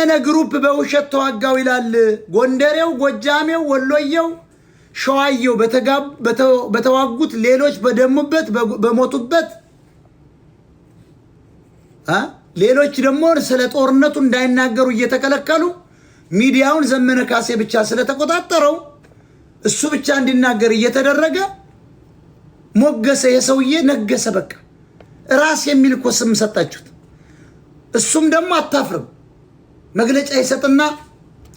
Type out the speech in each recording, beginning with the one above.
ዘመነ ግሩፕ በውሸት ተዋጋው ይላል። ጎንደሬው፣ ጎጃሜው፣ ወሎየው፣ ሸዋየው በተዋጉት ሌሎች በደሙበት በሞቱበት ሌሎች ደግሞ ስለ ጦርነቱ እንዳይናገሩ እየተከለከሉ ሚዲያውን ዘመነ ካሴ ብቻ ስለተቆጣጠረው እሱ ብቻ እንዲናገር እየተደረገ ሞገሰ። የሰውዬ ነገሰ። በቃ ራስ የሚል እኮ ስም ሰጣችሁት። እሱም ደግሞ አታፍርም። መግለጫ ይሰጥና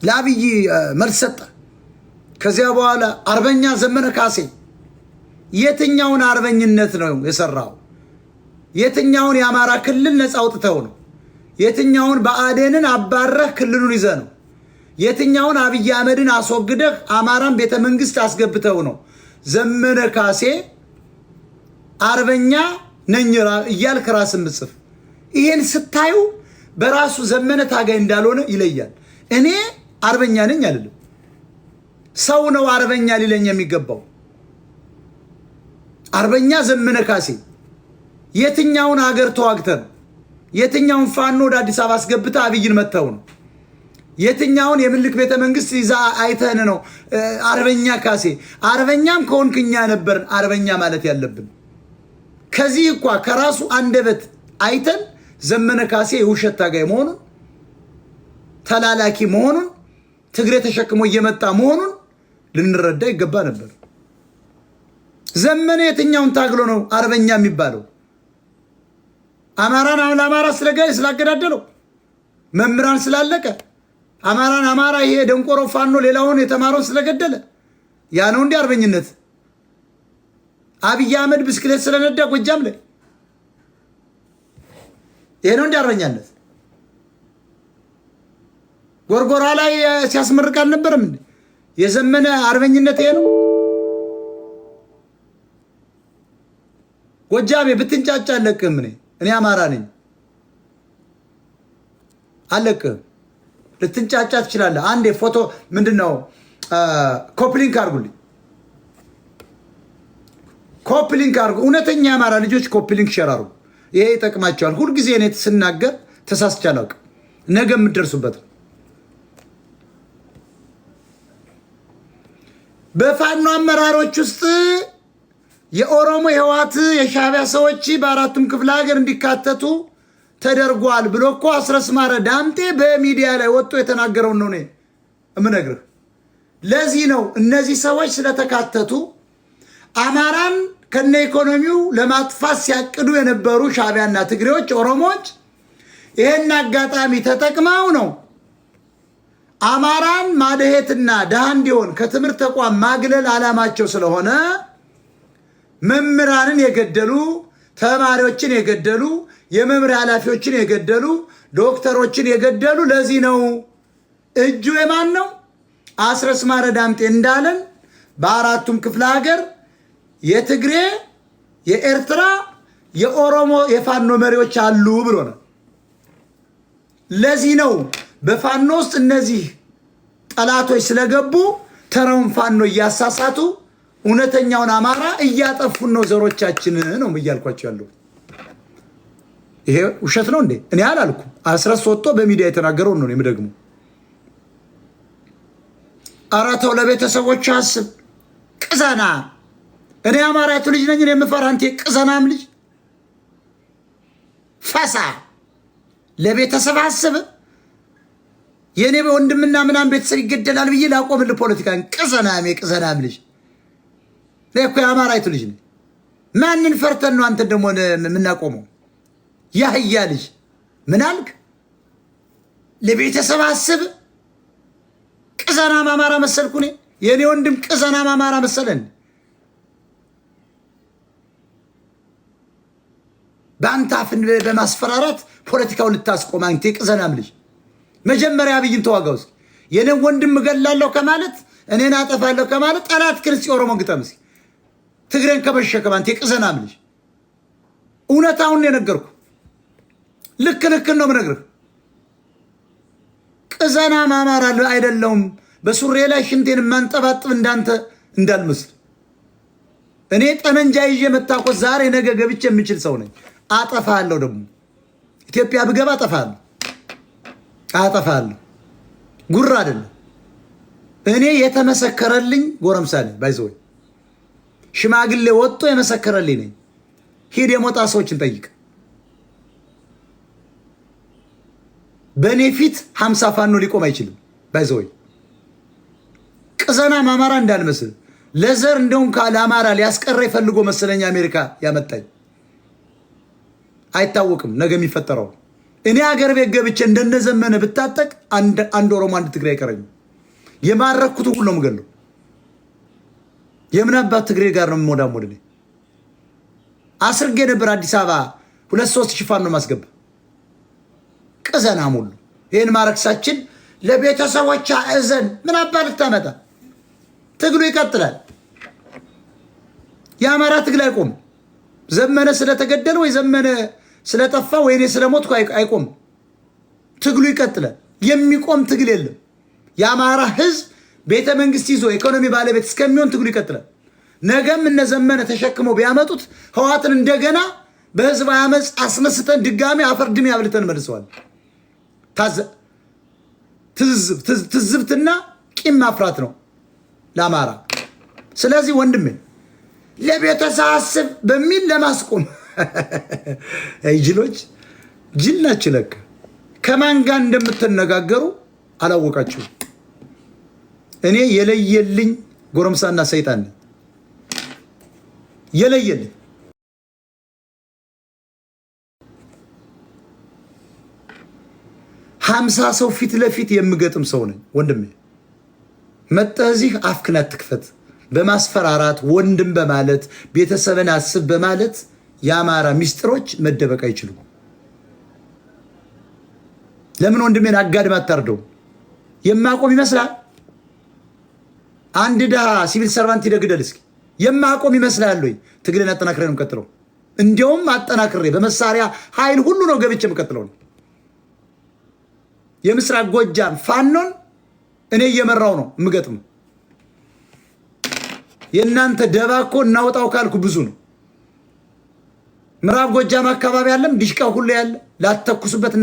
ለአብይ መልስ ሰጠ። ከዚያ በኋላ አርበኛ ዘመነ ካሴ የትኛውን አርበኝነት ነው የሰራው? የትኛውን የአማራ ክልል ነፃ አውጥተው ነው? የትኛውን በአደንን አባረህ ክልሉን ይዘ ነው? የትኛውን አብይ አህመድን አስወግደህ አማራን ቤተ መንግስት አስገብተው ነው? ዘመነ ካሴ አርበኛ ነኝ እያልክ ራስ ምጽፍ ይሄን ስታዩ በራሱ ዘመነ ታጋይ እንዳልሆነ ይለያል። እኔ አርበኛ ነኝ አይደለም ሰው ነው አርበኛ ሊለኝ የሚገባው። አርበኛ ዘመነ ካሴ የትኛውን ሀገር ነው? የትኛውን ፋኖ ወደ አዲስ አበባ አስገብተ አብይን መተው ነው? የትኛውን የምልክ ቤተ መንግስት ይዛ አይተን ነው? አርበኛ ካሴ አርበኛም ከሆንክኛ ነበርን አርበኛ ማለት ያለብን። ከዚህ እኳ ከራሱ አንደበት አይተን ዘመነ ካሴ የውሸት ታጋይ መሆኑን ተላላኪ መሆኑን ትግሬ ተሸክሞ እየመጣ መሆኑን ልንረዳ ይገባ ነበር። ዘመነ የትኛውን ታግሎ ነው አርበኛ የሚባለው? አማራን ለአማራ ስለገ ስላገዳደለው መምህራን ስላለቀ አማራን አማራ ይሄ ደንቆሮ ፋኖ ሌላውን የተማረውን ስለገደለ ያ ነው እንዲህ አርበኝነት። አብይ አህመድ ብስክሌት ስለነዳ ጎጃም ላይ ይሄ ነው እንዲያረኛለት ጎርጎራ ላይ ሲያስመርቅ አልነበረም እንዴ? የዘመነ አርበኝነት ይሄ ነው። ጎጃሜ ብትንጫጫ አለቅህም። እኔ እኔ አማራ ነኝ አለቅህም። ልትንጫጫ ትችላለህ። አንዴ ፎቶ ምንድን ነው ኮፕሊንክ አርጉልኝ፣ ኮፕሊንክ አርጉ። እውነተኛ የአማራ ልጆች ኮፕሊንክ ሸራሩ ይሄ ይጠቅማቸዋል። ሁልጊዜ እኔ ስናገር ተሳስቼ አላውቅም። ነገ የምደርሱበት በፋኖ አመራሮች ውስጥ የኦሮሞ የህዋት የሻቢያ ሰዎች በአራቱም ክፍለ ሀገር እንዲካተቱ ተደርጓል ብሎ እኮ አስረስማረ ዳምጤ በሚዲያ ላይ ወጥቶ የተናገረውን ነው እኔ የምነግርህ። ለዚህ ነው እነዚህ ሰዎች ስለተካተቱ አማራን ከነ ኢኮኖሚው ለማጥፋት ሲያቅዱ የነበሩ ሻቢያና ትግሬዎች፣ ኦሮሞዎች ይህን አጋጣሚ ተጠቅመው ነው አማራን ማድሄትና ድሃ እንዲሆን ከትምህርት ተቋም ማግለል ዓላማቸው ስለሆነ መምህራንን የገደሉ፣ ተማሪዎችን የገደሉ፣ የመምሪያ ኃላፊዎችን የገደሉ፣ ዶክተሮችን የገደሉ ለዚህ ነው። እጁ የማን ነው? አስረስ ዳምጤ እንዳለን በአራቱም ክፍለ ሀገር የትግሬ፣ የኤርትራ፣ የኦሮሞ የፋኖ መሪዎች አሉ ብሎ ነው። ለዚህ ነው በፋኖ ውስጥ እነዚህ ጠላቶች ስለገቡ ተረውን ፋኖ እያሳሳቱ እውነተኛውን አማራ እያጠፉን ነው ዘሮቻችን ነው እያልኳቸው ያለው። ይሄ ውሸት ነው እንዴ? እኔ አላልኩ። አስረስ ወጥቶ በሚዲያ የተናገረውን ነው የምደግሙ። ኧረ ተው ለቤተሰቦች አስብ ቅዘና እኔ አማራቱ ልጅ ነኝ። እኔ የምፈራ አንቴ ቅዘናም ልጅ ፈሳ ለቤተሰብ አስብ። የእኔ ወንድምና ምናምን ቤተሰብ ይገደላል ብዬ ላቆምል ፖለቲካ ቅዘናም ቅዘናም ልጅ እ እኮ የአማራቱ ልጅ ነኝ። ማንን ፈርተን ነው አንተን ደግሞ የምናቆመው? ያህያ ልጅ ምን አልክ? ለቤተሰብ አስብ። ቅዘናም አማራ መሰልኩ እኔ የእኔ ወንድም ቅዘናም አማራ መሰለን። በአንተ አፍን በማስፈራራት ፖለቲካውን ልታስቆም አንተ የቅዘናም ልጅ መጀመሪያ አብይን ተዋጋው እስኪ። የኔን ወንድም እገላለሁ ከማለት እኔን አጠፋለሁ ከማለት ጠላት ክርስቲ ኦሮሞ ግጠም እስኪ። ትግሬን ከመሸከም አንተ የቅዘናም ልጅ እውነታውን የነገርኩ ልክ ልክን ነው የምነግርህ። ቅዘና ማማራ አይደለውም። በሱሬ ላይ ሽንቴን የማንጠባጥብ እንዳንተ እንዳልመስል እኔ ጠመንጃ ይዤ መታኮስ ዛሬ ነገ ገብቼ የምችል ሰው ነኝ። አጠፋለሁ። ደግሞ ኢትዮጵያ ብገባ አጠፋለሁ፣ አጠፋለሁ። ጉራ አይደለም። እኔ የተመሰከረልኝ ጎረምሳ ነኝ። ባይዘወይ ሽማግሌ ወጥቶ የመሰከረልኝ ነኝ። ሂድ የሞጣ ሰዎችን ጠይቅ። በእኔ ፊት ሀምሳ ፋኖ ሊቆም አይችልም። ባይዘወይ ቅዘናም አማራ እንዳልመስል ለዘር እንደውም ካለ አማራ ሊያስቀረ ይፈልጎ መሰለኝ አሜሪካ ያመጣኝ አይታወቅም ነገ የሚፈጠረው። እኔ አገር ቤት ገብቼ እንደነዘመነ ብታጠቅ አንድ ኦሮሞ አንድ ትግራይ አይቀረኝም። የማረኩት ሁሉ ነው የምገለው። የምን አባት ትግሬ ጋር ነው ሞዳ ሞድ አስርጌ ነበር አዲስ አበባ ሁለት ሶስት ሽፋን ነው ማስገባ ቅዘና ሙሉ ይህን ማረክሳችን ለቤተሰቦች እዘን ምን አባ ልታመጣ? ትግሉ ይቀጥላል። የአማራ ትግል አይቆም። ዘመነ ስለተገደለ ወይ ዘመነ ስለጠፋ ወይኔ ስለሞትኩ አይቆምም። ትግሉ ይቀጥላል። የሚቆም ትግል የለም። የአማራ ህዝብ ቤተ መንግስት ይዞ ኢኮኖሚ ባለቤት እስከሚሆን ትግሉ ይቀጥላል። ነገም እነዘመነ ተሸክመው ቢያመጡት ህዋትን እንደገና በህዝብ አመፅ አስነስተን ድጋሚ አፈር ድሜ አብልተን መልሰዋል። ትዝብትና ቂም ማፍራት ነው ለአማራ። ስለዚህ ወንድሜ ለቤተሰብ አስብ በሚል ለማስቆም ጅሎች ጅል ናችሁ ለካ። ከማን ጋር እንደምትነጋገሩ አላወቃችሁ። እኔ የለየልኝ ጎረምሳና ሰይጣን ነኝ የለየልኝ። ሀምሳ ሰው ፊት ለፊት የምገጥም ሰው ነኝ ወንድሜ። መጠህ እዚህ አፍክን አትክፈት በማስፈራራት ወንድም በማለት ቤተሰብን አስብ በማለት የአማራ ሚስጥሮች መደበቅ አይችሉም። ለምን ወንድሜን አጋድም አታርደው? የማቆም ይመስላል። አንድ ድሃ ሲቪል ሰርቫንት ይደግደል እስኪ የማቆም ይመስላል ወይ? ትግልን አጠናክሬ ነው የምቀጥለው። እንዲያውም አጠናክሬ በመሳሪያ ኃይል ሁሉ ነው ገብቼ የምቀጥለው ነው። የምስራቅ ጎጃም ፋኖን እኔ እየመራው ነው የምገጥመው። የእናንተ ደባ እኮ ካልኩ ብዙ ነው። ምዕራብ ጎጃም አካባቢ አለም ዲሽቃ ሁሉ ያለ ላተኩሱበት